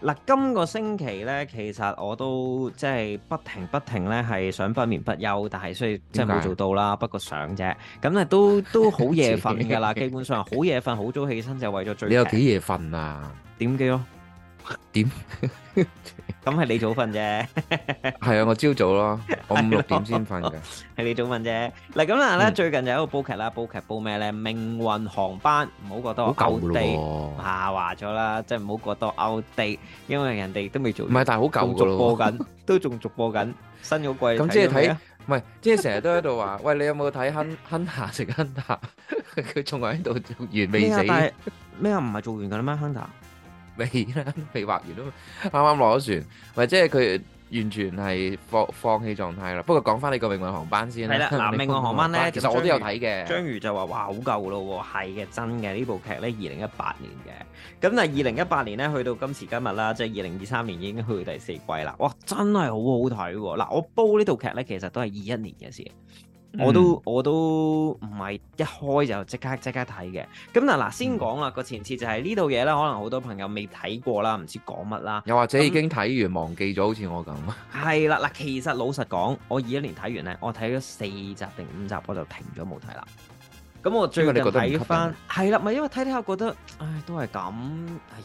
嗱、啊，今個星期咧，其實我都即係不停不停咧，係想不眠不休，但係雖然即係冇做到啦，不過想啫。咁啊，都都好夜瞓噶啦， 基本上好夜瞓，好早起身就為咗最。你有幾夜瞓啊？點幾咯？點咁係你早瞓啫，係啊，我朝早咯，我五六點先瞓嘅。係你早瞓啫。嗱咁啦，最近有一個煲劇啦，煲劇煲咩咧？命運航班，唔好過多歐地啊，話咗啦，即係唔好過多歐地，因為人哋都未做完。唔係，但係好舊噶咯，播緊都仲續播緊，新嗰季。咁即係睇，唔係即係成日都喺度話，喂，你有冇睇亨亨塔食亨塔？佢仲喺度做完未死？咩啊？唔係做完噶啦咩？亨塔。未啦，未 畫完都，啱啱攞咗船，或者係佢完全係放放棄狀態啦。不過講翻你個命運航班先啦，了 命運航班咧，其實我都有睇嘅。章魚就話：哇，好舊咯，哦，係嘅，真嘅呢部劇咧，二零一八年嘅。咁但二零一八年咧，去到今時今日啦，即係二零二三年已經去到第四季啦。哇，真係好好睇喎！嗱，我煲呢套劇咧，其實都係二一年嘅事。 我都我都唔係一開就即刻即刻睇嘅。咁嗱嗱先講啦，個前設就係、是、呢套嘢啦，可能好多朋友未睇過啦，唔知講乜啦，又 或者已經睇完 忘記咗，好似我咁。係啦，嗱，其實老實講，我二一年睇完咧，我睇咗四集定五集，我就停咗冇睇啦。咁我最近睇翻，係啦，咪因為睇睇下覺得，唉，都係咁，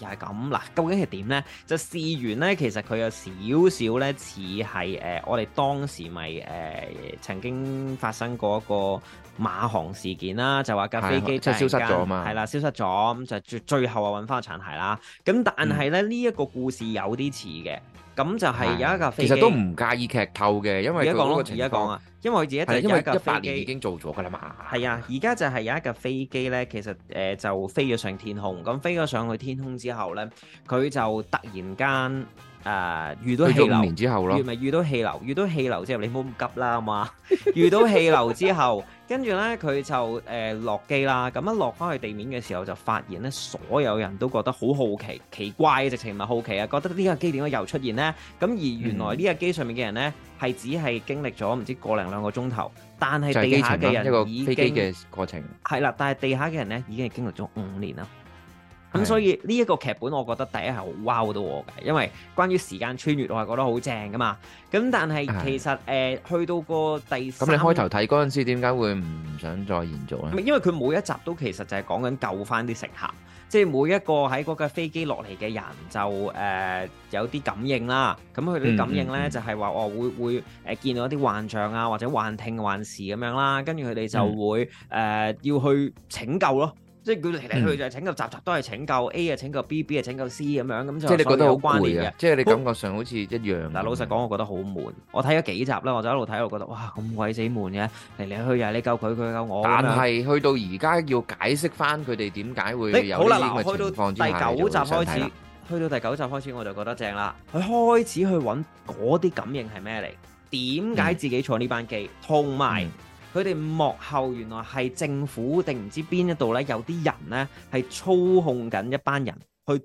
又係咁。嗱，究竟係點咧？就試完咧，其實佢有少少咧似係誒，我哋當時咪誒、呃、曾經發生過一個馬航事件啦，就話架飛機即係消失咗嘛，係啦，消失咗，咁就最最後啊，揾翻殘骸啦。咁但係咧，呢一個故事有啲似嘅。咁就係有一架飛機，其實都唔介意劇透嘅，因為而家講咯，而家講啊，因為佢自己第一架飛機，18年已經做咗㗎啦嘛。係啊，而家就係有一架飛機咧，其實誒、呃、就飛咗上天空，咁飛咗上去天空之後咧，佢就突然間。誒、uh, 遇到氣流，之遇咪遇到氣流，遇到氣流之後你唔好咁急啦，好嘛！ 遇到氣流之後，跟住 呢，佢就誒落、呃、機啦。咁一落翻去地面嘅時候，就發現呢，所有人都覺得好好奇、奇怪，直情唔係好奇啊，覺得呢個機點解又出現呢？咁而原來呢架機上面嘅人呢，係、嗯、只係經歷咗唔知個零兩個鐘頭，但係地下嘅人已經飛機嘅過程係啦，但係地下嘅人呢已經係經歷咗五年啦。咁所以呢一個劇本，我覺得第一係好 wow 到我嘅，因為關於時間穿越，我係覺得好正噶嘛。咁但係其實誒的、呃、去到個第，咁你開頭睇嗰陣時點解會唔想再延續咧？因為佢每一集都其實就係講緊救翻啲乘客，即係每一個喺嗰架飛機落嚟嘅人就誒、呃、有啲感應啦。咁佢啲感應咧、嗯嗯、就係話我會會誒見到一啲幻象啊，或者幻聽幻視咁樣啦。跟住佢哋就會誒、嗯呃、要去拯救咯。即係佢嚟嚟去去就係拯救，集集都係拯救 A 啊，拯救 B B 啊，拯救 C 咁樣，咁就即係你覺得好悶嘅，即係你感覺上好似一樣。嗱，老實講，我覺得好悶。我睇咗幾集啦，我就一路睇，我覺得哇，咁鬼死悶嘅，嚟嚟去去、啊、係你救佢，佢救我。但係是樣去到而家要解釋翻佢哋點解會好啦，嗱，開到第九集開始，去到第九集開始我就覺得正啦。佢開始去揾嗰啲感應係咩嚟？點解自己坐呢班機同埋？嗯有佢哋幕後原來係政府定唔知邊一度咧，有啲人咧係操控緊一班人，去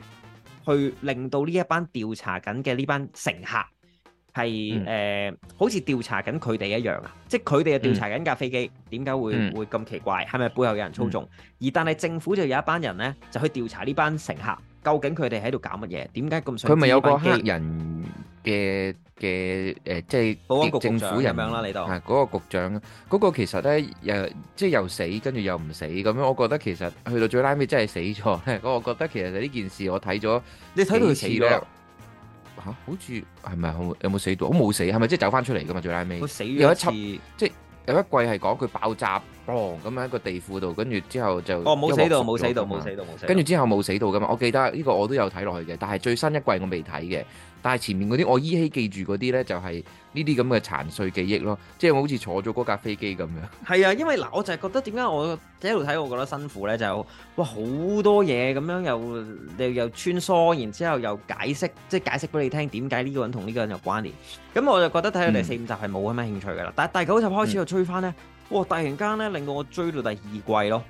去令到呢一班調查緊嘅呢班乘客係誒、嗯呃，好似調查緊佢哋一樣啊！即係佢哋又調查緊架飛機，點解會、嗯、會咁奇怪？係咪背後有人操縱？嗯、而但係政府就有一班人咧，就去調查呢班乘客。究竟佢哋喺度搞乜嘢？點解咁想佢咪有個黑人嘅嘅誒，即係保安局政府人咁樣啦？你度嗰個局長嗰個其實咧，又即係又死，跟住又唔死咁樣。我覺得其實去到最拉尾真係死咗。我覺得其實呢件事我睇咗，你睇到佢死咗嚇？好似係咪有冇死到？好冇死係咪？即係走翻出嚟噶嘛？最拉尾佢死咗，有一輯即係。有一季係講佢爆炸，嘣咁喺個地庫度，跟住之後就哦，冇死到冇死到冇死到冇死，跟住之後冇死到噶嘛。我記得呢個我都有睇落去嘅，但係最新一季我未睇嘅。但係前面嗰啲我依稀記住嗰啲咧，就係呢啲咁嘅殘碎記憶咯，即係我好似坐咗嗰架飛機咁樣。係啊，因為嗱，我就係覺得點解我一路睇我覺得辛苦咧，就哇好多嘢咁樣又又又穿梭，然之後又解釋，即係解釋俾你聽點解呢個人同呢個人有關聯。咁我就覺得睇到第四五集係冇乜興趣噶啦。但係第九集開始又追翻咧，嗯、哇！突然間咧令到我追到第二季咯。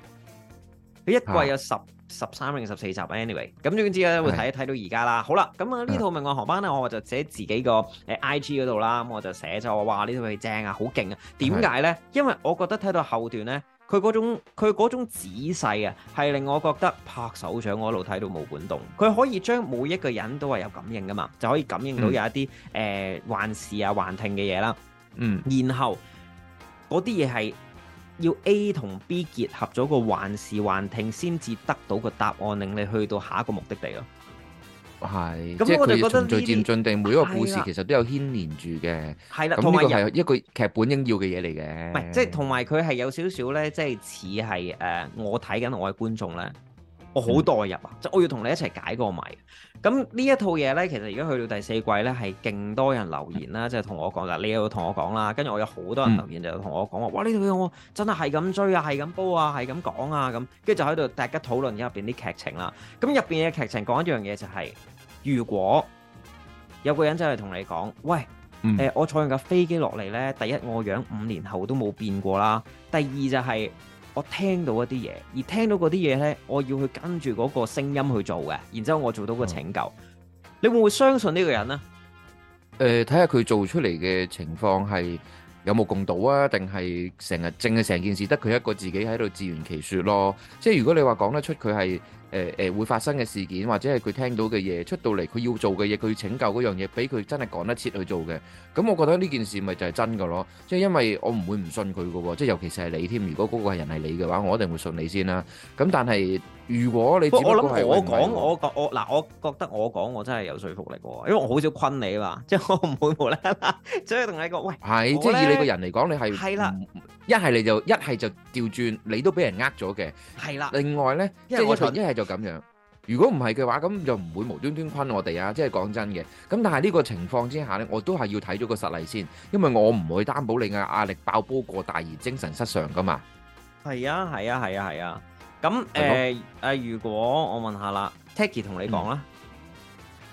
佢一季有十、啊。十三定十四集，anyway，咁總之咧會睇一睇到而家啦。的好啦，咁啊呢套《命案航班》咧，我就寫自己個誒 IG 嗰度啦。咁我就寫咗話：哇！呢套戲正啊，好勁啊！點解呢？的因為我覺得睇到後段呢，佢嗰種佢嗰種仔細啊，係令我覺得拍手掌喎，一路睇到冇管動。佢可以將每一個人都係有感應噶嘛，就可以感應到有一啲誒幻視啊、幻聽嘅嘢啦。嗯，然後嗰啲嘢係。要 A 同 B 結合咗個幻視幻聽先至得到個答案，令你去到下一個目的地咯。係，咁我就覺得漸進定每一個故事其實都有牽連住嘅。係啦的，咁呢個係一個劇本應要嘅嘢嚟嘅。唔係，即係同埋佢係有少少咧，即係似係誒，我睇緊我嘅觀眾咧，我好代入啊！即係、嗯、我要同你一齊解個謎。咁呢一套嘢呢，其實而家去到第四季呢，係勁多人留言啦，即係同我講啦，你又同我講啦，跟住我有好多人留言就同我講話，哇呢套嘢我真係係咁追啊，係咁煲啊，係咁講啊咁，跟住就喺度大家討論入邊啲劇情啦。咁入邊嘅劇情講一樣嘢就係、是，如果有個人真係同你講，喂，嗯呃、我坐緊架飛機落嚟呢，第一我樣五年後都冇變過啦，第二就係、是。我聽到一啲嘢，而聽到嗰啲嘢呢，我要去跟住嗰個聲音去做嘅，然之後我做到個拯救，嗯、你會唔會相信呢個人呢？誒、呃，睇下佢做出嚟嘅情況係有目共睹啊，定係成日淨係成件事得佢一個自己喺度自圓其説咯？即係如果你話講得出佢係。誒誒、呃、會發生嘅事件，或者係佢聽到嘅嘢出到嚟，佢要做嘅嘢，佢要拯救嗰樣嘢，俾佢真係趕得切去做嘅。咁、嗯、我覺得呢件事咪就係真個咯，即係因為我唔會唔信佢嘅喎，即係尤其是係你添，如果嗰個人係你嘅話，我一定會信你先啦。咁、嗯、但係。如果你我諗我講我覺我嗱我覺得我講我真係有說服力喎，因為我好少昆你啦，即係我唔會無啦啦 啊，即係同你講喂，係即係以你個人嚟講，你係係啦，一係你就一係就調轉，你都俾人呃咗嘅，係啦。另外咧，即係我一係就咁樣。如果唔係嘅話，咁就唔會無端端昆我哋啊！即係講真嘅。咁但係呢個情況之下咧，我都係要睇咗個實例先，因為我唔會擔保你嘅壓力爆煲過大而精神失常噶嘛。係啊，係啊，係啊，係啊。咁誒誒，如果我問下啦 Taki 同你講啦，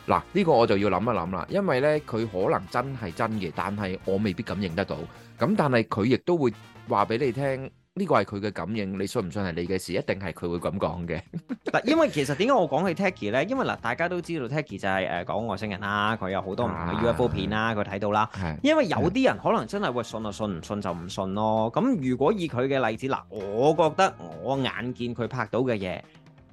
嗱呢、嗯呢個我就要諗一諗啦，因為咧佢可能真係真嘅，但係我未必感應得到。咁但係佢亦都會話俾你聽。呢個係佢嘅感應，你信唔信係你嘅事，一定係佢會咁講嘅。嗱，因為其實點解我講起 Tacky 咧？因為嗱，大家都知道 Tacky 就係誒講外星人啦，佢有好多唔同嘅 UFO 片啦，佢睇到啦。係，因為有啲人可能真係會信就信，唔信就唔信咯。咁如果以佢嘅例子，嗱，我覺得我眼見佢拍到嘅嘢，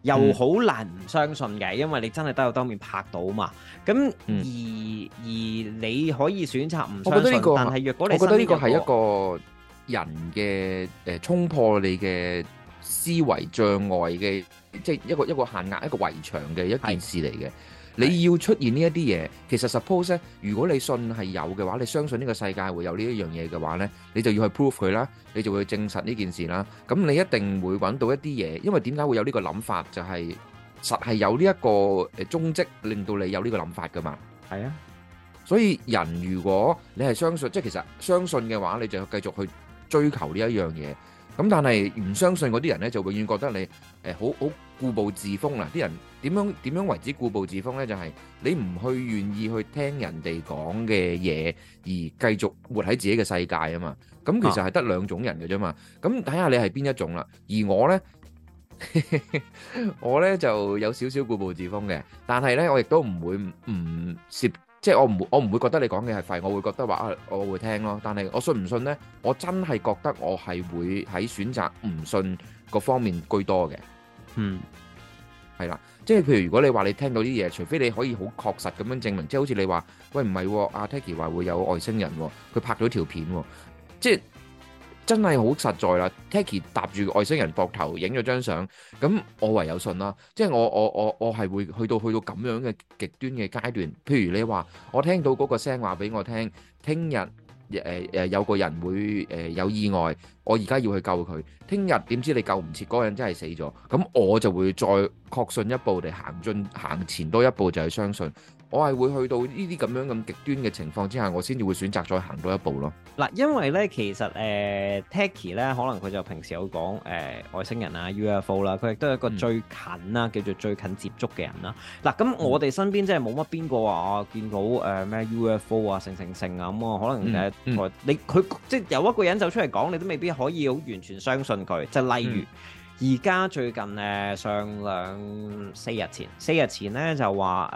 又好難唔相信嘅，因為你真係得有當面拍到嘛。咁而而你可以選擇唔相信，但係若果你覺得呢個係一個。人嘅誒衝破你嘅思維障礙嘅，即係一個一個限額、一個圍牆嘅一件事嚟嘅。你要出現呢一啲嘢，其實 suppose 呢，如果你信係有嘅話，你相信呢個世界會有呢一樣嘢嘅話呢，你就要去 prove 佢啦，你就會證實呢件事啦。咁你一定會揾到一啲嘢，因為點解會有呢個諗法？就係實係有呢一個誒蹤跡，令到你有呢個諗法㗎嘛。係啊，所以人如果你係相信，即係其實相信嘅話，你就繼續去，追求呢一樣嘢，咁但係唔相信嗰啲人呢，就永遠覺得你誒好好固步自封啦！啲人點樣點樣為之固步自封呢？就係你唔去願意去聽人哋講嘅嘢，而繼續活喺自己嘅世界啊嘛！咁其實係得兩種人嘅啫嘛！咁睇下你係邊一種啦。而我呢，我呢就有少少固步自封嘅，但係呢，我亦都唔會唔接。即係我唔我唔會覺得你講嘅係廢，我會覺得話啊，我會聽咯。但係我信唔信呢？我真係覺得我係會喺選擇唔信嗰方面居多嘅。嗯，係啦。即係譬如，如果你話你聽到啲嘢，除非你可以好確實咁樣證明，即係好似你話喂唔係阿 Tiki 話會有外星人，佢拍咗條片，即係。真係好實在啦！Taki 搭住外星人膊頭影咗張相，咁我唯有信啦。即係我我我我係會去到去到咁樣嘅極端嘅階段。譬如你話我聽到嗰個聲話俾我聽，聽日誒誒有個人會誒、呃、有意外。我而家要去救佢，聽日點知你救唔切，嗰個人真係死咗，咁我就會再確信一步地行進，行前多一步就係相信，我係會去到呢啲咁樣咁極端嘅情況之下，我先至會選擇再行多一步咯。嗱，因為呢，其實誒、呃、Taki 呢，可能佢就平時有講誒、呃、外星人啊 UFO 啦、啊，佢亦都係一個最近啦、嗯、叫做最近接觸嘅人啦。嗱、啊，咁我哋身邊真係冇乜邊個話見到誒咩、呃、UFO 啊成成成咁啊，可能誒、嗯嗯、你佢即係有一個人走出嚟講，你都未必。可以好完全相信佢，即係例如而家、嗯、最近咧、呃、上兩四日前，四日前咧就話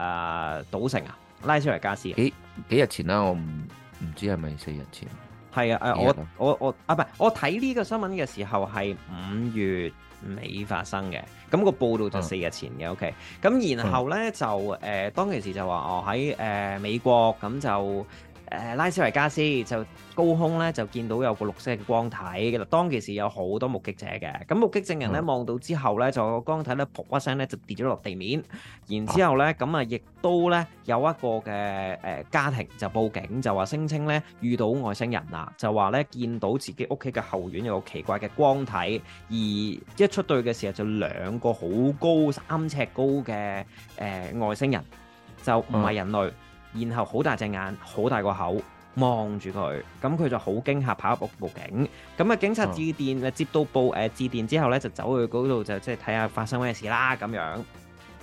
誒賭城啊拉斯維加斯，幾幾日前啦、啊，我唔唔知係咪四日前係啊！誒、呃啊，我我我啊，唔係我睇呢個新聞嘅時候係五月尾發生嘅，咁、那個報道就四日前嘅。O K，咁然後咧就誒、呃、當其時就話我喺誒美國咁就，誒拉斯維加斯就高空咧就見到有個綠色嘅光體嘅，當其時有好多目擊者嘅，咁目擊證人咧望到之後咧就個光體咧噗一聲咧就跌咗落地面，然之後咧咁啊亦都咧有一個嘅誒家庭就報警就話聲稱咧遇到外星人啦，就話咧見到自己屋企嘅後院有個奇怪嘅光體，而一出到去嘅時候就兩個好高三尺高嘅誒外星人，就唔係人類。嗯然後好大隻眼，好大個口，望住佢，咁佢就好驚嚇，跑入屋報警。咁啊，警察致電，誒、哦、接到報誒、呃、致電之後咧，就走去嗰度就即係睇下發生咩事啦咁樣。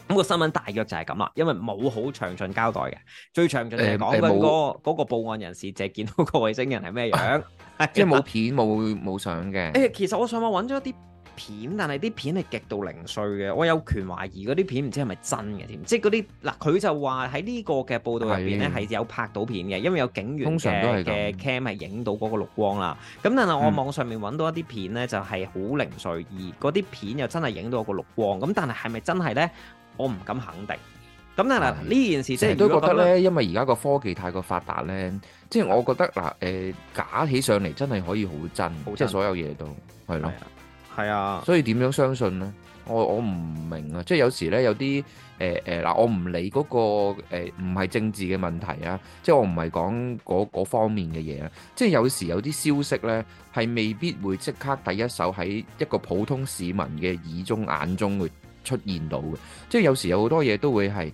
咁、個新聞大約就係咁啦，因為冇好詳盡交代嘅，最詳盡講嘅嗰嗰個報案人士就係見到個外星人係咩樣，啊啊、即係冇片冇冇相嘅。誒、啊欸，其實我上網揾咗一啲片，但係啲片係極度零碎嘅。我有權懷疑嗰啲片唔知係咪真嘅添，即係嗰啲嗱，佢就話喺呢個嘅報道入邊咧係有拍到片嘅，因為有警員嘅，通常都係嘅 cam 係影到嗰個綠光啦。咁但係我網上面揾到一啲片咧，就係好零碎，而嗰啲片又真係影到嗰個綠光。咁但係係咪真係咧？我唔敢肯定。咁但係嗱，呢件事即係你都覺得咧，因為而家個科技太過發達咧，即係我覺得嗱，誒，假起上嚟真係可以好真，即係所有嘢都係咯。係啊，所以點樣相信呢？我我唔明啊，即係有時呢，有啲誒誒嗱，我唔理嗰、嗰個唔係、呃、政治嘅問題啊，即係我唔係講嗰方面嘅嘢啊。即係有時有啲消息呢，係未必會即刻第一手喺一個普通市民嘅耳中眼中會出現到嘅。即係有時有好多嘢都會係誒、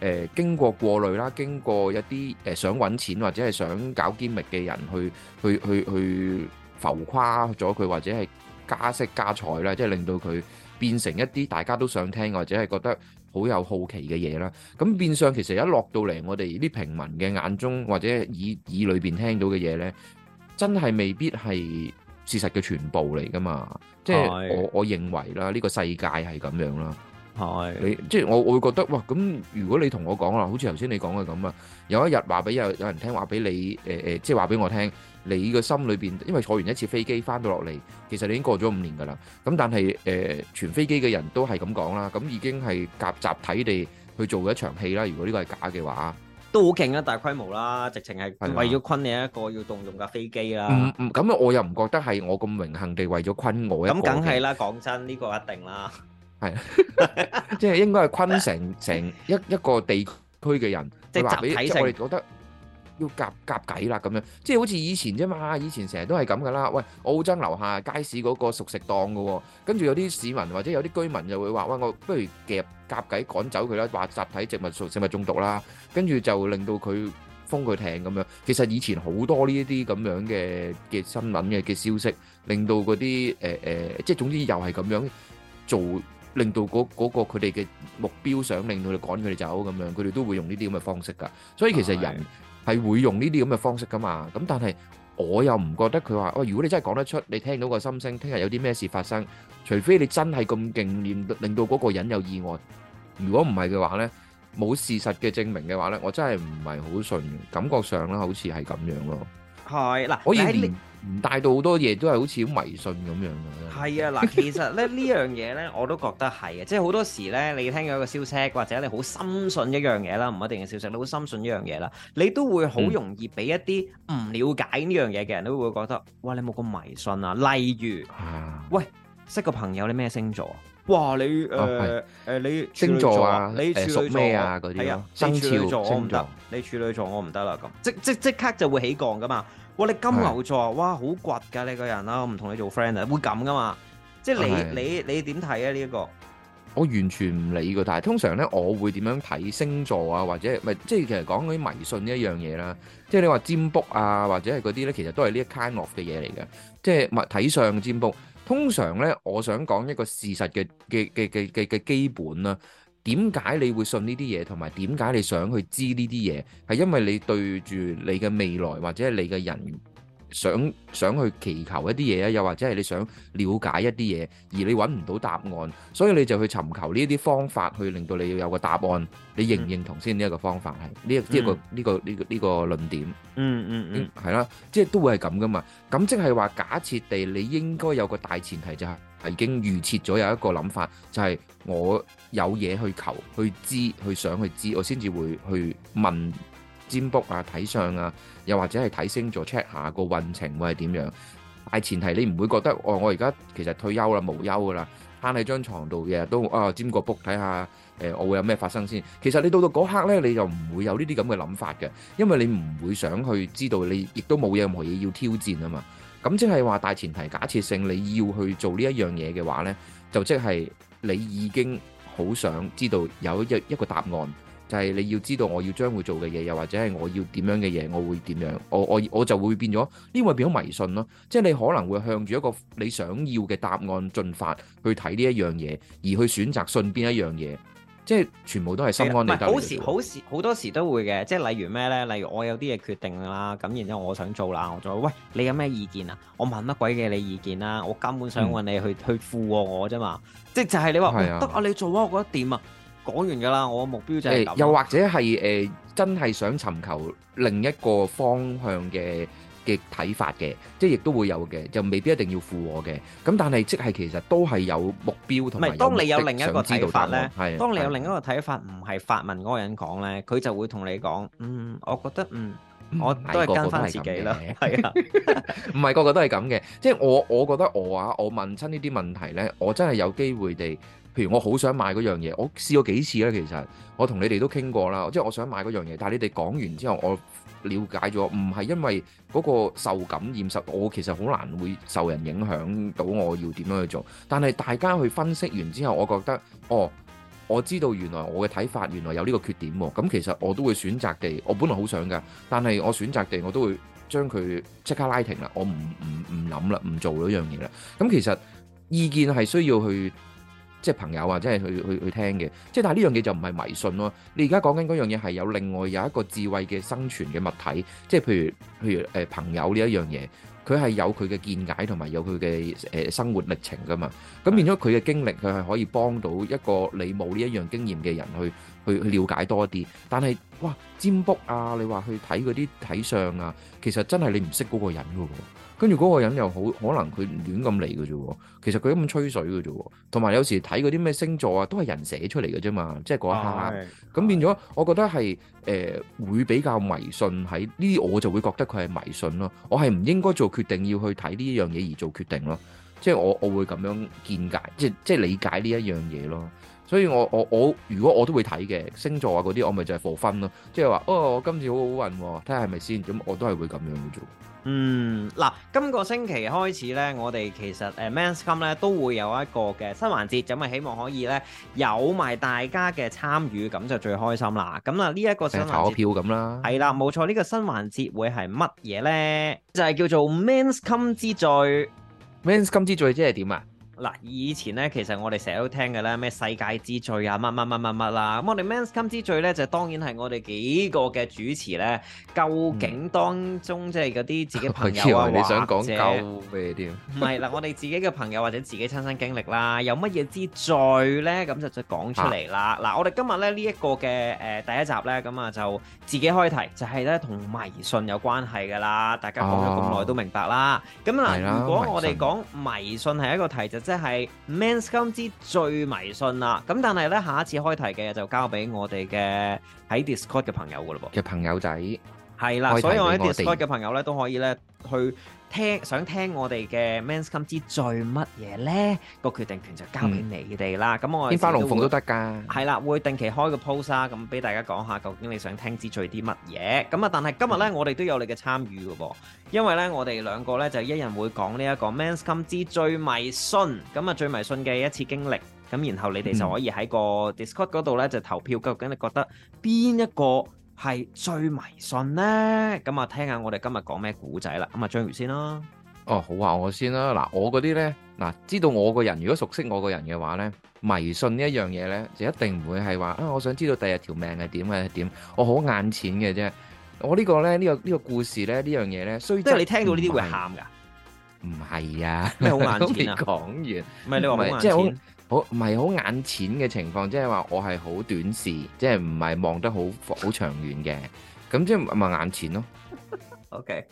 呃、經過過濾啦，經過一啲誒、呃、想揾錢或者係想搞揭秘嘅人去去去去浮誇咗佢或者係。加色加彩啦，即係令到佢變成一啲大家都想聽或者係覺得好有好奇嘅嘢啦。咁變相其實一落到嚟，我哋啲平民嘅眼中或者耳耳裏邊聽到嘅嘢呢，真係未必係事實嘅全部嚟噶嘛。即係我的我,我認為啦，呢個世界係咁樣啦。係的你即係我我會覺得哇！咁如果你同我講啦，好似頭先你講嘅咁啊，有一日話俾有有人聽話俾你誒誒、呃，即係話俾我聽。你個心裏邊，因為坐完一次飛機翻到落嚟，其實你已經過咗五年噶啦。咁但係誒，全飛機嘅人都係咁講啦，咁已經係夾集體地去做一場戲啦。如果呢個係假嘅話，都好勁啊！大規模啦，直情係為咗困你一個，要動用架飛機啦。唔唔，咁啊，我又唔覺得係我咁榮幸地為咗困我一個。咁梗係啦，講真，呢個一定啦。係，即係應該係困成成一一個地區嘅人。即集體性。我哋覺得。要夾夾計啦，咁樣即係好似以前啫嘛，以前成日都係咁噶啦。喂，澳洲樓下街市嗰個熟食檔嘅喎，跟住有啲市民或者有啲居民就會話：喂，我不如夾夾計趕走佢啦，話集體植物熟食物中毒啦。跟住就令到佢封佢艇咁樣。其實以前好多呢一啲咁樣嘅嘅新聞嘅嘅消息，令到嗰啲誒誒，即係總之又係咁樣做，令到嗰嗰個佢哋嘅目標想令到佢哋趕佢哋走咁樣，佢哋都會用呢啲咁嘅方式噶。所以其實人，係會用呢啲咁嘅方式噶嘛？咁但係我又唔覺得佢話，喂，如果你真係講得出，你聽到個心聲，聽日有啲咩事發生，除非你真係咁勁念，令到嗰個人有意外。如果唔係嘅話呢，冇事實嘅證明嘅話呢，我真係唔係好信。感覺上咧，好似係咁樣咯。係嗱，可以唔帶到好多嘢，都係好似好迷信咁樣嘅。係啊，嗱，其實咧呢樣嘢咧，我都覺得係嘅。即係好多時咧，你聽咗個消息，或者你好深信一樣嘢啦，唔一定嘅消息，你好深信一樣嘢啦，你都會好容易俾一啲唔了解呢樣嘢嘅人都會覺得，哇！你冇咁迷信啊。例如， 喂，識個朋友你咩星座？哇，你誒誒你星座啊？你處咩座啊嗰啲啊？處座唔得，你處女座、啊、我唔得啦咁，即即即刻就會起降噶嘛。.哇！你金牛座，哇，好倔噶你個人啊。我唔同你做 friend 啊，會咁噶嘛？即係你 你你點睇啊？呢一個我完全唔理噶，但係，通常咧我會點樣睇星座啊？或者咪即係其實講嗰啲迷信呢一樣嘢啦。即係你話占卜啊，或者係嗰啲咧，其實都係呢一種嘅嘢嚟嘅。即係物體上占卜，通常咧，我想講一個事實嘅嘅嘅嘅嘅嘅基本啦。點解你會信呢啲嘢，同埋點解你想去知呢啲嘢？係因為你對住你嘅未來，或者係你嘅人想想去祈求一啲嘢啊，又或者係你想了解一啲嘢，而你揾唔到答案，所以你就去尋求呢啲方法去令到你要有個答案。你認唔認同先呢一個方法係呢一？呢個呢個呢個論點？嗯嗯嗯，係啦，即係都會係咁噶嘛。咁即係話假設地，你應該有個大前提就係已經預設咗有一個諗法，就係。我有嘢去求去知去想去知，我先至會去問占卜啊、睇相啊，又或者係睇星座 check 下個運程會係點樣。大前提你唔會覺得哦，我而家其實退休啦、無休噶啦，攤喺張床度日日都啊、哦，占個卜睇下誒，我會有咩發生先。其實你到到嗰刻呢，你就唔會有呢啲咁嘅諗法嘅，因為你唔會想去知道，你亦都冇任何嘢要挑戰啊嘛。咁即係話大前提，假設性你要去做呢一樣嘢嘅話呢，就即係。你已經好想知道有一一個答案，就係、是、你要知道我要將會做嘅嘢，又或者係我要點樣嘅嘢，我會點樣？我我我就會變咗呢，會變咗迷信咯。即係你可能會向住一個你想要嘅答案進發去睇呢一樣嘢，而去選擇信邊一樣嘢。即係全部都係心安理得。好時好時好多時都會嘅，即係例如咩咧？例如我有啲嘢決定啦，咁然之後我想做啦，我就，喂，你有咩意見啊？我問乜鬼嘅你意見啊？我根本想問你去、嗯、去附和我啫嘛。即係就係你話得的、哦、啊，你做啊，我覺得掂啊。講完㗎啦，我嘅目標就係，又或者係誒、呃、真係想尋求另一個方向嘅。嘅睇法嘅，即係亦都會有嘅，就未必一定要附和嘅。咁但係即係其實都係有目標同埋目的。想知道睇法咧，係當你有另一個睇法，唔係發問嗰個人講咧，佢就會同你講：嗯，我覺得嗯，我都係跟翻自己啦。係啊，唔係個個都係咁嘅。即係我我覺得我啊，我問親呢啲問題咧，我真係有機會地。譬如我好想買嗰樣嘢，我試過幾次啦。其實我同你哋都傾過啦，即係我想買嗰樣嘢，但係你哋講完之後我。了解咗，唔係因為嗰個受感染實，我其實好難會受人影響到我要點樣去做。但係大家去分析完之後，我覺得，哦，我知道原來我嘅睇法原來有呢個缺點喎。咁、嗯、其實我都會選擇地，我本來好想㗎，但係我選擇地，我都會將佢即刻拉停啦。我唔唔唔諗啦，唔做嗰樣嘢啦。咁、嗯、其實意見係需要去。即係朋友啊，即係去去去聽嘅。即係但係呢樣嘢就唔係迷信咯。你而家講緊嗰樣嘢係有另外有一個智慧嘅生存嘅物體，即係譬如譬如誒朋友呢一樣嘢，佢係有佢嘅見解同埋有佢嘅誒生活歷程噶嘛。咁變咗佢嘅經歷，佢係可以幫到一個你冇呢一樣經驗嘅人去。去去了解多啲，但係哇，佔卜啊，你話去睇嗰啲睇相啊，其實真係你唔識嗰個人噶喎，跟住嗰個人又好，可能佢亂咁嚟噶啫，其實佢咁吹水噶啫，同埋有，有時睇嗰啲咩星座啊，都係人寫出嚟噶啫嘛，即係嗰一刻，咁是變咗，我覺得係誒、呃、會比較迷信。喺呢啲我就會覺得佢係迷信咯，我係唔應該做決定要去睇呢樣嘢而做決定咯，即係我我會咁樣見解，即即係理解呢一樣嘢咯。所以我我我如果我都會睇嘅星座啊嗰啲我咪就係 for fun 咯，即係話哦我今次好好運喎，睇下係咪先，咁我都係會咁樣做。嗯，嗱，今個星期開始呢，我哋其實誒、啊、Men's Come 呢都會有一個嘅新環節，咁咪希望可以呢有埋大家嘅參與，咁就最開心啦。咁啊呢一個新環，投個票咁啦。係啦，冇錯，呢、這個新環節會係乜嘢呢？就係、是、叫做 Men's Come 之最。Men's Come 之最即係點啊？嗱，以前咧，其實我哋成日都聽嘅咧，咩世界之最啊，乜乜乜乜乜啦。咁我哋 Men’s Come 之最咧，就當然係我哋幾個嘅主持咧，究竟當中即係嗰啲自己朋友、嗯、者 你想講咩啊，或者唔係啦，我哋自己嘅朋友或者自己親身經歷啦，有乜嘢之最咧，咁就再講出嚟啦。嗱、啊，我哋今日咧呢一、這個嘅誒、呃、第一集咧，咁啊就自己開題，就係咧同迷信有關係嘅啦。大家講咗咁耐都明白啦。咁嗱、啊啊，如果我哋講迷信係迷信 一個題就。即係 Men’s Come 之最迷信啦，咁但係咧，下一次開題嘅就交俾我哋嘅喺 Discord 嘅朋友噶咯噃嘅朋友仔。係啦，所以我喺 Discord 嘅朋友咧都可以咧去聽，想聽我哋嘅 Men’s Come 之最乜嘢咧，個決定權就交俾你哋啦。咁我天花龍鳳都得㗎。係啦，會定期開個 post 啊，咁俾大家講下究竟你想聽之最啲乜嘢。咁啊，但係今日咧，我哋都有你嘅參與㗎噃，因為咧我哋兩個咧就一人會講呢一個 Men’s Come 之最迷信，咁啊最迷信嘅一次經歷。咁然後你哋就可以喺個 Discord 嗰度咧就投票，究竟你覺得邊一個？係最迷信咧，咁啊聽下我哋今日講咩古仔啦，咁啊章魚先啦。哦，好話，我先啦。嗱，我嗰啲咧，嗱，知道我個人，如果熟悉我個人嘅話咧，迷信呢一樣嘢咧，就一定唔會係話啊，我想知道第二條命係點啊點，我好眼淺嘅啫。我呢個咧，呢個呢個故事咧，呢樣嘢咧，雖即係你聽到呢啲會喊噶，唔係啊，咩好眼淺啊，講完，唔係你話即係我。好唔係好眼淺嘅情況，即係話我係好短視，即係唔係望得好好長遠嘅，咁即係唔係眼淺咯？O K，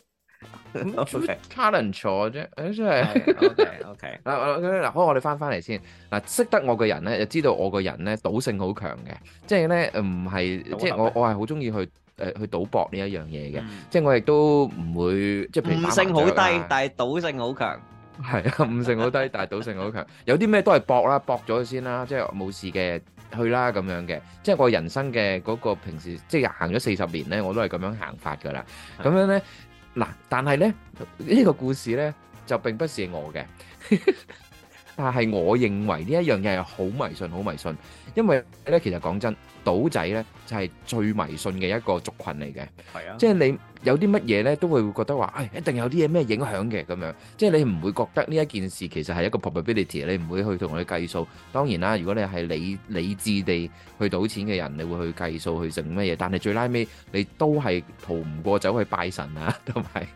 咁 Charles 坐啫，咁即係 O K O K 嗱嗱，好我哋翻翻嚟先嗱，識得我嘅人咧，就知道我個人咧，賭性好強嘅，即係咧唔係即係我我係好中意去誒去賭博呢一樣嘢嘅，即係我亦都唔會即係賭性好低，但係賭性好強。係啊，賠成好低，但係賭性好強。有啲咩都係博啦，博咗先啦，即係冇事嘅去啦咁樣嘅。即係我人生嘅嗰個平時，即係行咗四十年咧，我都係咁樣行法噶啦。咁樣咧，嗱，但係咧呢、這個故事咧就並不是我嘅， 但係我認為呢一樣嘢係好迷信，好迷信，因為咧其實講真。賭仔呢就係最迷信嘅一個族羣嚟嘅，即係你有啲乜嘢呢，都會會覺得話，唉，一定有啲嘢咩影響嘅咁樣，即係你唔會覺得呢一件事其實係一個 probability，你唔會去同佢計數。當然啦，如果你係理理智地去賭錢嘅人，你會去計數去剩乜嘢，但係最拉尾你都係逃唔過走去拜神啊，同埋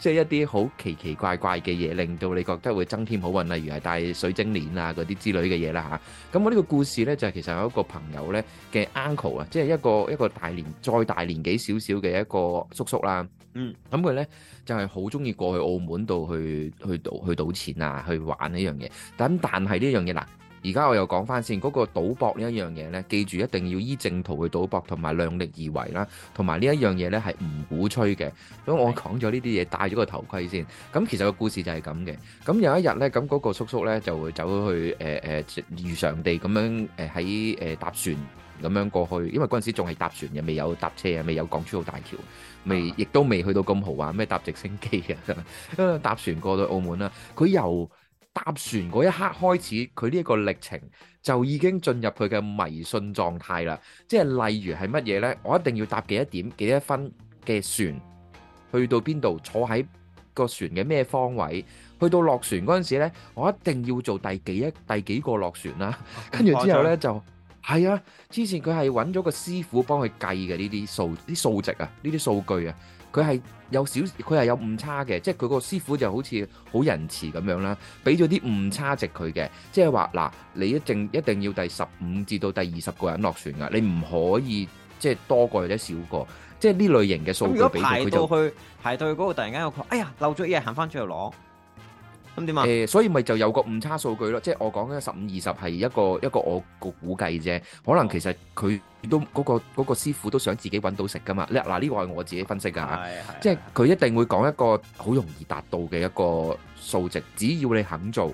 即係一啲好奇奇怪怪嘅嘢，令到你覺得會增添好運，例如係戴水晶鏈啊嗰啲之類嘅嘢啦吓。咁我呢個故事呢就係其實有一個朋友呢嘅。uncle 啊，即係一個一個大年再大年紀少少嘅一個叔叔啦。嗯，咁佢呢，就係好中意過去澳門度去去賭去賭錢啊，去玩呢樣嘢。咁但係呢樣嘢嗱，而家我又講翻先嗰個賭博呢一樣嘢呢，記住一定要依正途去賭博，同埋量力而為啦。同埋呢一樣嘢呢係唔鼓吹嘅，所以我講咗呢啲嘢，戴咗個頭盔先。咁其實個故事就係咁嘅。咁有一日呢，咁嗰個叔叔呢就會走去誒誒，如常地咁樣誒喺誒搭船。咁樣過去，因為嗰陣時仲係搭船，又未有搭車啊，未有港珠澳大橋，未亦都未去到咁豪華，咩搭直升機啊？搭船過到澳門啦。佢由搭船嗰一刻開始，佢呢一個歷程就已經進入佢嘅迷信狀態啦。即係例如係乜嘢呢？我一定要搭幾多點幾多分嘅船去到邊度？坐喺個船嘅咩方位？去到落船嗰陣時呢，我一定要做第幾一第幾個落船啦。跟住之後呢，就。 係啊，之前佢係揾咗個師傅幫佢計嘅呢啲數啲數值啊，呢啲數據啊，佢係有少佢係有誤差嘅，即係佢個師傅就好似好仁慈咁樣啦，俾咗啲誤差值佢嘅，即係話嗱，你一定一定要第十五至到第二十個人落船啊，你唔可以即係多個或者少個，即係呢類型嘅數據如果，俾佢，排到去排到去嗰度，突然間有個，哎呀漏咗嘢，行翻出去攞。誒、呃，所以咪就有個誤差數據咯，即係我講緊十五二十係一個一個我估計啫。可能其實佢都嗰、那個嗰、那個、師傅都想自己揾到食噶嘛。嗱、啊、呢、這個係我自己分析㗎、啊、是即係佢一定會講一個好容易達到嘅一個數值，只要你肯做，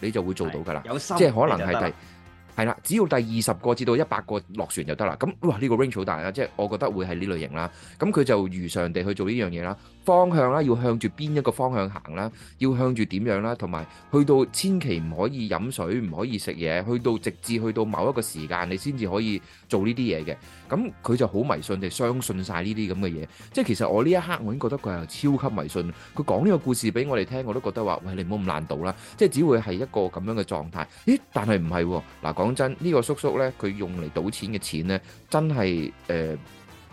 你就會做到㗎啦。即係可能係第係啦，只要第二十個至到一百個落船就得啦。咁哇，呢、這個 range 好大啊！即係我覺得會係呢類型啦。咁佢就如常地去做呢樣嘢啦。方向啦，要向住邊一個方向行啦，要向住點樣啦，同埋去到千祈唔可以飲水，唔可以食嘢，去到直至去到某一個時間你先至可以做呢啲嘢嘅。咁佢就好迷信，就相信晒呢啲咁嘅嘢。即係其實，我呢一刻，我已經覺得佢係超級迷信。佢講呢個故事俾我哋聽，我都覺得話，喂，你唔好咁爛賭啦！即係只會係一個咁樣嘅狀態，咦？但係唔係？嗱，講真，呢個叔叔咧，佢用嚟賭錢嘅錢咧，真係誒。呃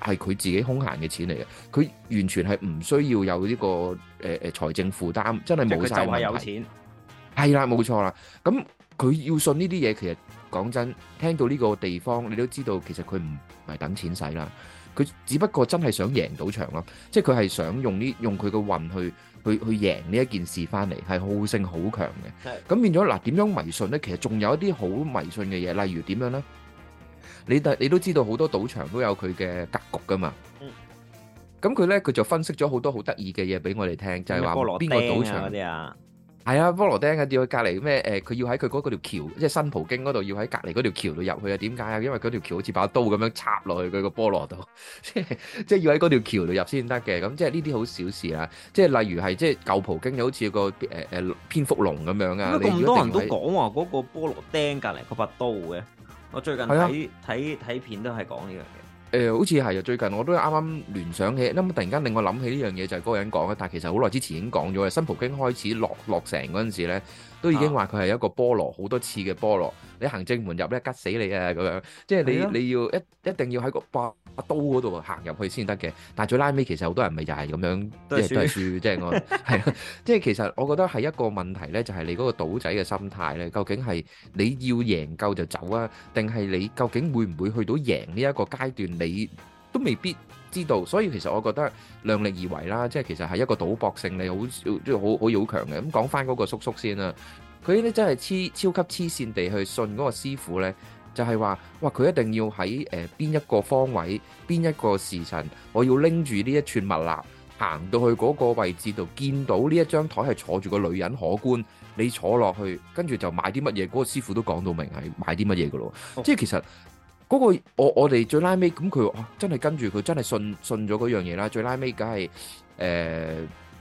係佢自己空閒嘅錢嚟嘅，佢完全係唔需要有呢、這個誒誒、呃、財政負擔，真係冇晒問題。佢就係有錢，係啦，冇錯啦。咁佢要信呢啲嘢，其實講真，聽到呢個地方，你都知道其實佢唔係等錢使啦。佢只不過真係想贏賭場咯，即係佢係想用呢用佢嘅運去去去贏呢一件事翻嚟，係好勝好強嘅。咁的變咗嗱，點樣迷信呢？其實仲有一啲好迷信嘅嘢，例如點樣呢？你都你都知道好多賭場都有佢嘅格局噶嘛？咁佢咧，佢就分析咗好多好得意嘅嘢俾我哋聽，就係話邊個賭場嗰啲啊？係啊，菠蘿釘啊，要佢隔籬咩？誒、呃，佢要喺佢嗰嗰條橋，即、就、係、是、新葡京嗰度要喺隔籬嗰條橋度入去啊？點解啊？因為嗰條橋好似把刀咁樣插落去佢個菠蘿度、 嗯，即係即係要喺嗰條橋度入先得嘅。咁即係呢啲好小事啦、啊。即係例如係即係舊葡京就好似個誒誒、呃、蝙蝠龍咁樣啊。咁多人都講話嗰個菠蘿釘隔籬嗰把刀嘅。我最近睇睇睇片都係講呢樣嘢。誒，好似係啊！最近我都啱啱聯想起，啱啱突然間令我諗起呢樣嘢，就係嗰個人講嘅。但係其實好耐之前已經講咗嘅，新葡京開始落落成嗰陣時咧，都已經話佢係一個菠蘿好多次嘅菠蘿，你行正門入咧吉死你啊！咁樣，即係你你要一一定要喺個把刀嗰度行入去先得嘅。但係最拉尾其實好多人咪就係咁樣，對住，即係我係啊！即係其實我覺得係一個問題咧，就係你嗰個賭仔嘅心態咧，究竟係你要贏夠就走啊，定係你究竟會唔會去到贏呢一個階段？你都未必知道，所以其實我覺得量力而為啦，即係其實係一個賭博性，你好即係好好好強嘅。咁講翻嗰個叔叔先啦，佢呢真係黐超級黐綫地去信嗰個師傅咧，就係、是、話哇，佢一定要喺誒邊一個方位，邊一個時辰，我要拎住呢一串蜜蠟行到去嗰個位置度，見到呢一張台係坐住個女人可觀，你坐落去，跟住就買啲乜嘢？嗰、那個師傅都講到明係買啲乜嘢噶咯，哦、即係其實。嗰、那個我我哋最拉尾咁佢、啊、真係跟住佢真係信信咗嗰樣嘢啦，最拉尾梗係誒，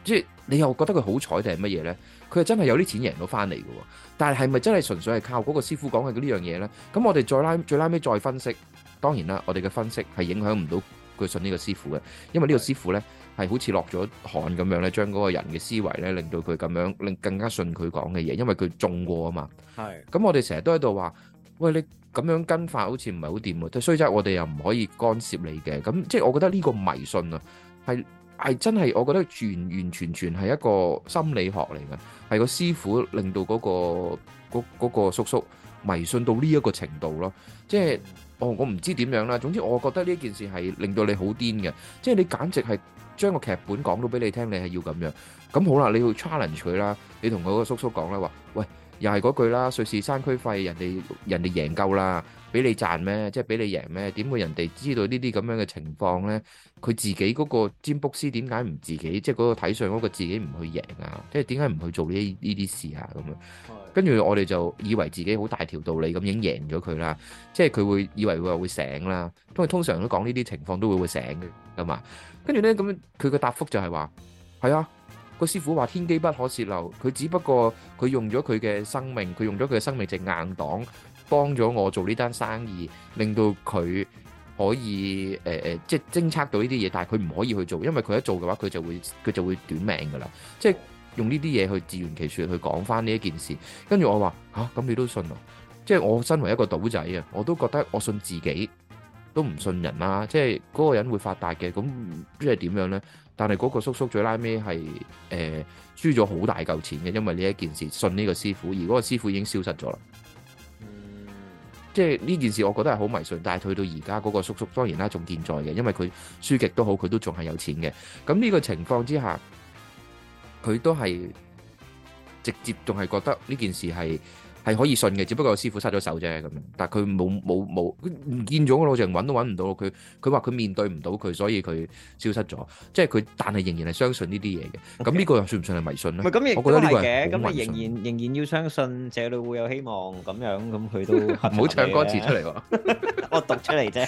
即係你又覺得佢好彩定係乜嘢咧？佢係真係有啲錢贏到翻嚟㗎喎，但係係咪真係純粹係靠嗰個師傅講嘅呢樣嘢咧？咁我哋再拉最拉尾再分析，當然啦，我哋嘅分析係影響唔到佢信呢個師傅嘅，因為呢個師傅咧係好似落咗汗咁樣咧，將嗰個人嘅思維咧，令到佢咁樣令更加信佢講嘅嘢，因為佢中過啊嘛。係。咁我哋成日都喺度話，喂你。咁樣跟法好似唔係好掂喎，但係衰在我哋又唔可以干涉你嘅，咁即係我覺得呢個迷信啊，係係真係我覺得完完全全係一個心理學嚟嘅，係個師傅令到嗰個嗰嗰個叔叔迷信到呢一個程度咯，即係哦我唔知點樣啦，總之我覺得呢一件事係令到你好癲嘅，即係你簡直係將個劇本講到俾你聽，你係要咁樣，咁好啦，你去 challenge 佢啦，你同嗰個叔叔講啦，話喂。又係嗰句啦，瑞士山區費人哋人哋贏夠啦，俾你賺咩？即係俾你贏咩？點會人哋知道這這呢啲咁樣嘅情況咧？佢自己嗰個占卜師點解唔自己即係嗰個睇相嗰個自己唔去贏啊？即係點解唔去做呢呢啲事啊？咁樣跟住我哋就以為自己好大條道理咁樣贏咗佢啦，即係佢會以為會會醒啦、啊。因為通常都講呢啲情況都會會醒嘅咁啊。跟住咧咁，佢嘅答覆就係話：係啊。個師傅話，天機不可洩漏，佢只不過佢用咗佢嘅生命，佢用咗佢嘅生命值，硬擋，幫咗我做呢單生意，令到佢可以誒誒、呃，即係偵測到呢啲嘢，但係佢唔可以去做，因為佢一做嘅話，佢就會佢就會短命噶啦。即係用呢啲嘢去自圓其說去講翻呢一件事。跟住我話吓，咁你都信啊？信，即係我身為一個賭仔啊，我都覺得我信自己，都唔信人啦。即係嗰個人會發達嘅，咁即係點樣呢？但係嗰個叔叔最拉尾係誒，輸咗好大嚿錢嘅，因為呢一件事信呢個師傅，而嗰個師傅已經消失咗啦。嗯、即係呢件事，我覺得係好迷信。但係去到而家，嗰、嗰個叔叔當然啦，仲健在嘅，因為佢輸極都好，佢都仲係有錢嘅。咁呢個情況之下，佢都係直接仲係覺得呢件事係。係可以信嘅，只不過師傅失咗手啫咁樣，但係佢冇冇冇唔見咗咯，成日揾都揾唔到佢。佢話佢面對唔到佢，所以佢消失咗。即係佢，但係仍然係相信呢啲嘢嘅。咁呢個又算唔算係迷信咧？唔係咁亦都嘅，咁你仍然仍然要相信這裡會有希望咁樣。咁佢都唔好唱歌詞出嚟喎。我讀出嚟啫，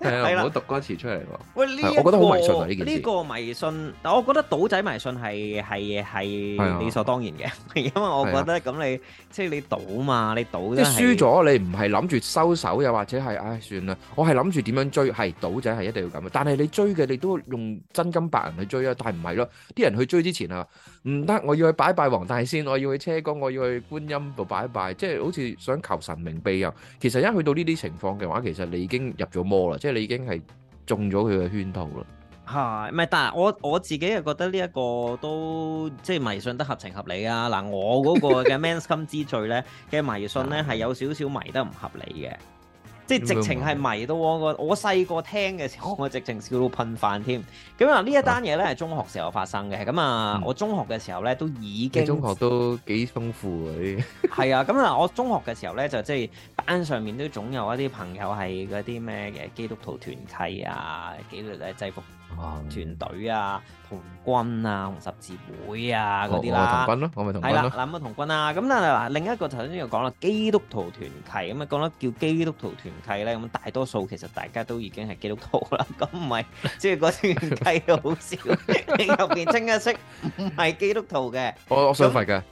係啦，唔好讀歌詞出嚟喎。喂，呢一個我覺得好迷信喎，呢個迷信，但我覺得賭仔迷信係係係理所當然嘅，因為我覺得咁你即係你賭。賭嘛，你賭即係輸咗，你唔係諗住收手，又或者係唉、哎、算啦，我係諗住點樣追，係賭仔係一定要咁嘅。但係你追嘅，你都用真金白銀去追啊，但係唔係咯，啲人去追之前啊，唔得，我要去拜一拜黃大仙，我要去車公，我要去觀音度拜一拜，即係好似想求神明庇佑。其實一去到呢啲情況嘅話，其實你已經入咗魔啦，即係你已經係中咗佢嘅圈套啦。係，咪但係我我自己又覺得呢一個都即係迷信得合情合理啊！嗱，我嗰個嘅 Men's Come 之最咧，嘅 迷信咧係有少少迷得唔合理嘅， 即係直情係迷到我個。我細個聽嘅時候，我直情笑到噴飯添。咁嗱，呢一單嘢咧係中學時候發生嘅，咁啊， 我中學嘅時候咧都已經中學都幾豐富嗰係啊，咁啊，我中學嘅時候咧就即、是、係班上面都總有一啲朋友係嗰啲咩嘅基督徒團契啊，紀律制服。團隊、哦、啊，童軍啊，紅十字會啊，嗰啲啦，我咪童軍咯，我咪童軍咯，係啦，咁啊童軍啊，咁啦、啊，嗱、啊，另一個頭先又講啦，基督徒團契，咁啊講得叫基督徒團契咧，咁大多數其實大家都已經係基督徒啦，咁唔係，即係啲團契好少 你入邊，清一色唔係基督徒嘅，我我想問嘅，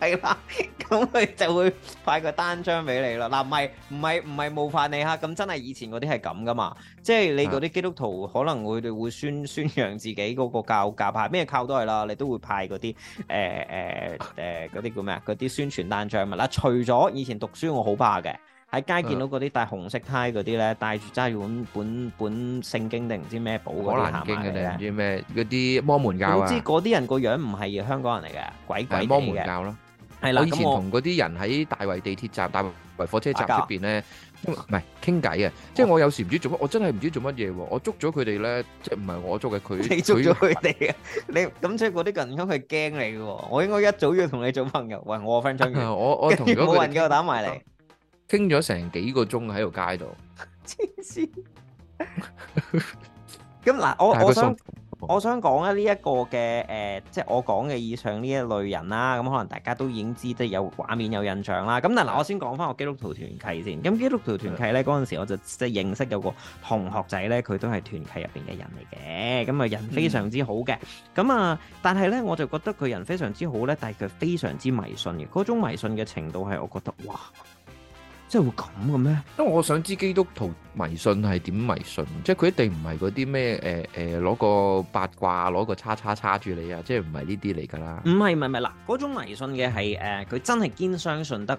係啦那。 咁佢就會派個單張俾你啦，嗱，唔係唔係唔係冒犯你吓，咁真係以前嗰啲係咁噶嘛，即係你嗰啲基督徒可能會對會宣宣揚自己嗰個教教派，咩教都係啦，你都會派嗰啲誒誒誒嗰啲叫咩啊？嗰啲宣傳單張嘛，嗱，除咗以前讀書我好怕嘅，喺街見到嗰啲戴紅色呔嗰啲咧，帶住揸住本本本聖經定唔知咩寶嗰啲行埋咧，唔知咩嗰啲摩門教。總之嗰啲人個樣唔係香港人嚟嘅，鬼鬼嘅。摩門教咯。我以前同嗰啲人喺大圍地鐵站、大圍火車站出邊咧，唔係傾偈啊！即係我有時唔知做乜，我真係唔知做乜嘢喎！我捉咗佢哋咧，即係唔係我捉嘅佢，你捉咗佢哋啊！你咁即係嗰啲人佢係驚你嘅，我應該一早要同你做朋友。喂，我分咗佢，我我同咗個冇人嘅我打埋嚟，傾咗成幾個鐘喺度街度。黐線！咁嗱，我我想。我想講咧呢一個嘅誒、呃，即係我講嘅以上呢一類人啦，咁、嗯、可能大家都已經知，即係有畫面有印象啦。咁但嗱，我先講翻個基督徒團契先。咁基督徒團契呢，嗰陣時我就即係認識有個同學仔呢，佢都係團契入邊嘅人嚟嘅。咁啊，人非常之好嘅。咁啊，但係呢，我就覺得佢人非常之好呢，但係佢非常之迷信嘅。嗰種迷信嘅程度係，我覺得哇！即係會咁嘅咩？因為我想知基督徒迷信係點迷信，即係佢一定唔係嗰啲咩誒誒攞個八卦攞個叉,叉叉叉住你啊！即係唔係呢啲嚟噶啦？唔係唔係唔係嗱，嗰種迷信嘅係誒，佢、呃、真係堅相信得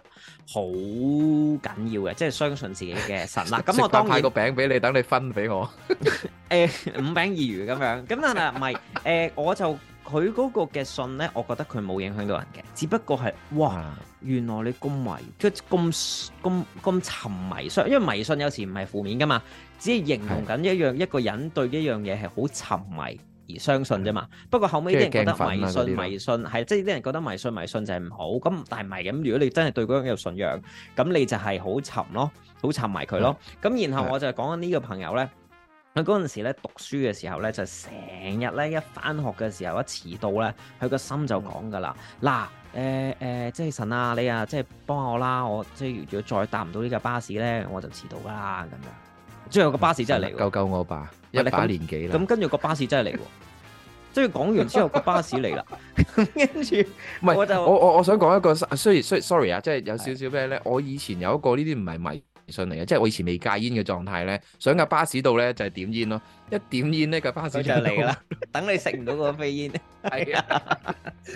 好緊要嘅，即係相信自己嘅神。嗱咁我當然派個餅俾你，等你分俾我。誒、 欸、五餅二魚咁樣，咁但係唔係誒我就。佢嗰個嘅信呢，我覺得佢冇影響到人嘅，只不過係哇，原來你咁迷，佢咁咁咁沉迷，所以因為迷信有時唔係負面噶嘛，只係形容緊一樣一個人對一樣嘢係好沉迷而相信啫嘛。的不過後尾啲人覺得迷信、啊、迷信係，即係啲人覺得迷信迷信就係唔好咁，但係唔係咁。如果你真係對嗰樣嘢有信仰，咁你就係好沉咯，好沉迷佢咯。咁的然後我就講緊呢個朋友呢。佢嗰陣時咧讀書嘅時候咧，就成日咧一翻學嘅時候一遲到咧，佢個心就講噶啦。嗱誒誒，即係神啊，你啊，即係幫我啦，我即係如果再搭唔到呢架巴士咧，我就遲到噶啦咁樣。最後個巴士真係嚟，救救我吧！一把是年紀啦。咁跟住個巴士真係嚟喎。即係講完之後，個巴士嚟啦。跟住唔係，我就我我我想講一個 sorry sorry sorry 啊，即係有少少咩咧？是我以前有一個呢啲唔係迷。上嚟嘅，即係我以前未戒煙嘅狀態咧，上架巴士度咧就係點煙咯，一點煙呢，架巴士就嚟啦， 等你食唔到個飛煙，係啊，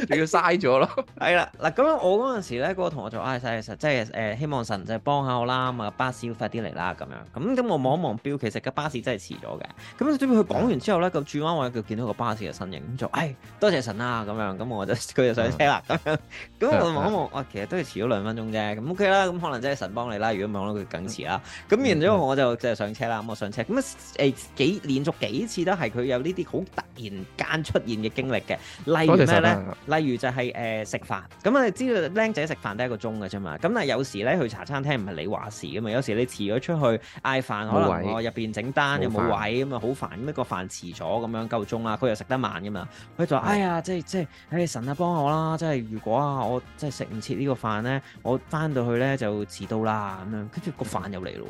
你要嘥咗咯，係啦，嗱咁樣我嗰陣時咧，個同學就唉曬神，即係誒希望神就幫下我啦，咁啊巴士要快啲嚟啦咁樣，咁咁我望一望表，其實架巴士真係遲咗嘅，咁最尾佢講完之後咧個轉彎位佢見到個巴士嘅身影，咁就唉，哎，多謝神啦，啊，咁樣，咁我就佢就上車啦咁樣，咁我望一望，啊的， 嗯，其實都係遲咗兩分鐘啫，咁 OK 啦，咁可能真係神幫你啦，如果望到佢遲啦，咁完咗我就就上車啦。咁我上車，咁誒幾連續幾次都係佢有呢啲好突然間出現嘅經歷嘅，例如咩咧？謝謝啊，例如就係、是、誒、呃、食飯，咁啊知道僆仔食飯得一個鐘㗎啫嘛。咁啊有時咧去茶餐廳唔係你話事噶嘛，有時你遲咗出去嗌飯，可能我入邊整單又冇位，咁啊好煩。咁一個飯遲咗咁樣夠鐘啦，佢又食得慢噶嘛，佢就話對 哎呀，即係即係，你、哎、神啊，幫我啦！即係如果啊，我即係食唔切呢個飯咧，我翻到去咧就遲到啦咁樣，跟住飯又嚟咯，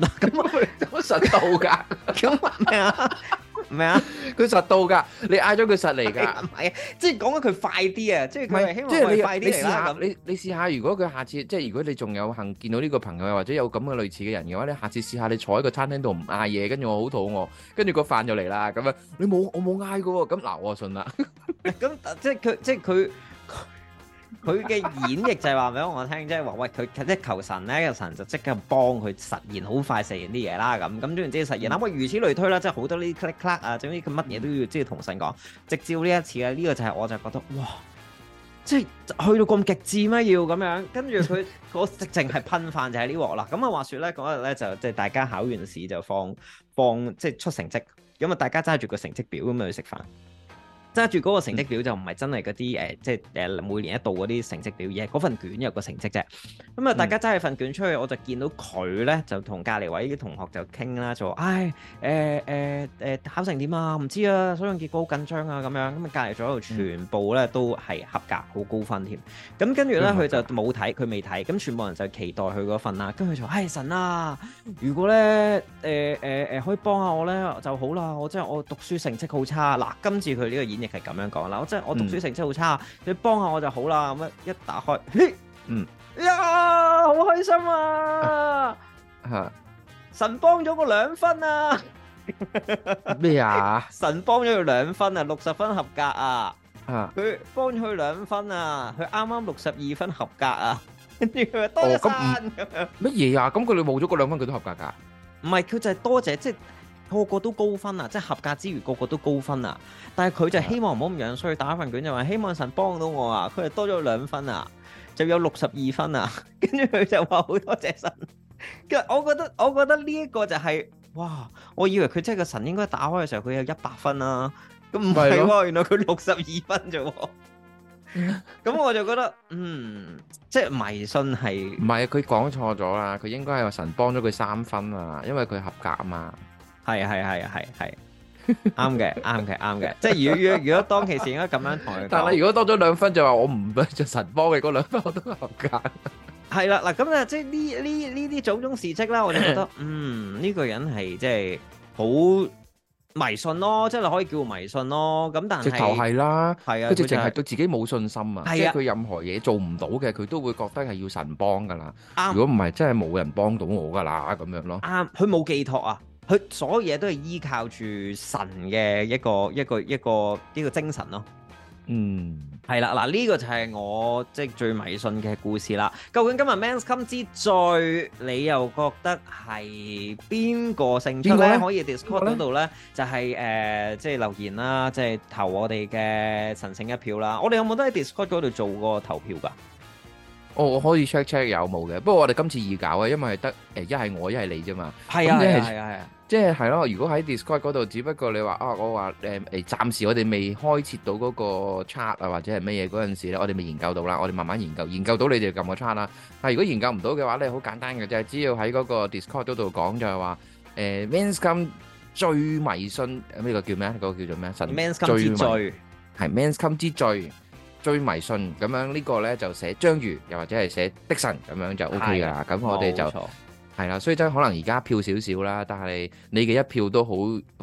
嗱咁我佢實到噶，咁話咩啊？咩 啊麼會？佢 實麼會 到噶，你嗌咗佢實嚟噶，唔係啊，即係講緊佢快啲啊，即係佢希望佢快啲嚟啦。你你試下，如果佢下次，即係如果你仲有幸見到呢個朋友，或者有咁嘅類似嘅人嘅話，你下次試下你坐喺個餐廳度唔嗌嘢，跟住我好肚餓，跟住個飯就嚟啦，咁樣你冇我冇嗌嘅，咁嗱我信啦，咁即係佢即係佢。佢嘅 演繹就係話俾我聽，即係話喂，佢一求神咧，神就即刻幫佢實現，好快實現啲嘢啦咁。咁總之實現？咁喂、嗯，如此類推啦，即係好多呢啲 click click 啊，總之佢乜嘢都要即係同神講。嗯、直至呢一次啊，呢、呢個就係我就覺得哇，即係去到咁極致咩要咁樣？跟住佢直淨係噴飯就係呢鑊啦。咁啊， 話説咧嗰日咧就即係大家考完試就放放，即、就、係、係、出成績。咁啊，大家揸住個成績表咁樣去食飯。揸住嗰個成績表就唔係真係嗰啲誒，即係誒每年一度嗰啲成績表，而係嗰份卷有個成績啫。咁、嗯、啊，大家揸起份卷出去，我就見到佢咧就同隔離位啲同學就傾啦，就話：唉、哎，誒誒誒，考成點啊？唔知啊，所以用結果好緊張啊咁樣。咁啊，隔離咗度全部咧都係合格，好高分添。咁跟住咧，佢就冇睇，佢未睇。咁全部人就期待佢嗰份啦。跟住就唉、哎、神啊！如果咧誒誒誒可以幫下我咧就好啦。我真係我讀書成績好差嗱。今次佢呢個亦係咁樣講啦，我真係我讀書成績好差，你幫下我就好啦。咁樣一打開，嘿，嗯呀，好開心啊！吓，神幫咗我兩分啊！咩啊？神幫咗佢兩分啊，六十分合格啊！啊，佢幫咗佢兩分啊，佢啱啱六十二分合格啊！跟住佢話多一分，乜嘢啊？咁佢哋冇咗嗰兩分，佢都合格㗎！唔係，佢就係多謝即。個個都高分啊！即係合格之餘，個個都高分啊！但係佢就希望唔好咁樣，所以、啊、打份卷就話希望神幫到我啊！佢係多咗兩分啊，就有六十二分啊！跟住佢就話好多謝神。我 我覺得，我覺得呢一個就係、是、哇！我以為佢即係個神應該打開嘅時候、啊，佢有一百分啦。咁唔係喎，原來佢六十二分啫、啊。咁 我就覺得，嗯，即係迷信係唔係佢講錯咗啦！佢應該係個神幫咗佢三分啊，因為佢合格啊嘛。係係係係係，啱嘅啱嘅啱嘅，即係如果如果當其時應該咁樣同但係如果多咗兩分，就話我唔唔畀神幫嘅嗰兩分我都合格。係啦，嗱咁啊，即係呢呢呢啲種種事跡啦，我就覺得，嗯，呢個人係即係好迷信咯，即係可以叫迷信咯。咁但係直頭係啦，係啊，好似淨係對自己冇信心啊，即係佢任何嘢做唔到嘅，佢都會覺得係要神幫噶啦。如果唔係真係冇人幫到我噶啦咁樣咯。啱，佢冇寄託啊。佢所有嘢都係依靠住神嘅一個一個一個呢個精神咯、啊。嗯，係啦，嗱、這、呢個就係我即係、就是、最迷信嘅故事啦。究竟今日 Mens Come 之最，你又覺得係邊個勝出咧？呢可以 Discord 嗰度咧，就係誒即係留言啦，即、就、係、是、投我哋嘅神聖一票啦。我哋有冇都喺 Discord 嗰度做過投票噶？我我、哦、可以 check check 有冇嘅，不過我哋今次易搞啊，因為係得誒一係我一係你啫嘛。係啊係啊係啊！即係係咯，如果喺 Discord 嗰度，只不過你話啊，我話誒誒，暫時我哋未開設到嗰個 chart 啊，或者係乜嘢嗰陣時咧，我哋未研究到啦，我哋慢慢研究，研究到你哋撳個 chart 啦。但係如果研究唔到嘅話咧，好簡單嘅啫，只要喺嗰個 Discord 嗰度講就係話誒，Men’s come 最迷信，呢個叫咩啊？嗰個叫做咩啊？神之最係 Men’s come 之最最迷信咁樣，呢個咧就寫章魚，又或者係寫的神咁樣就 OK 噶啦。咁我哋就。係啦，所以真可能而家票少少啦，但係你嘅一票都好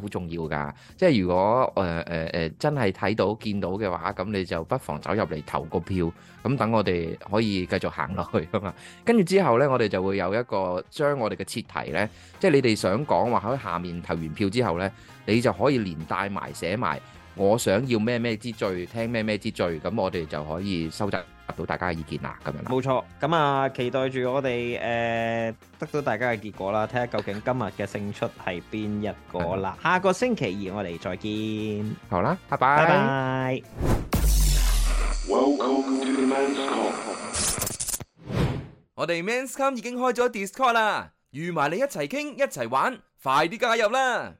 好重要㗎。即係如果誒誒誒真係睇到見到嘅話，咁你就不妨走入嚟投個票，咁等我哋可以繼續行落去啊嘛。跟住之後咧，我哋就會有一個將我哋嘅設題咧，即係你哋想講話喺下面投完票之後咧，你就可以連帶埋寫埋我想要咩咩之最，聽咩咩之最，咁我哋就可以收集。到呃、得到大家嘅意見啦，咁樣，冇錯，咁啊期待住我哋誒得到大家嘅結果啦，睇下究竟今日嘅勝出係邊一個啦。 下個星期二我哋再見，好啦，拜拜。拜拜。我哋 Men's Come 已經開咗 Discord 啦，預埋你一齊傾一齊玩，快啲加入啦！